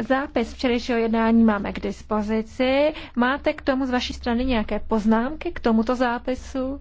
Zápis včerejšího jednání máme k dispozici. Máte k tomu z vaší strany nějaké poznámky k tomuto zápisu?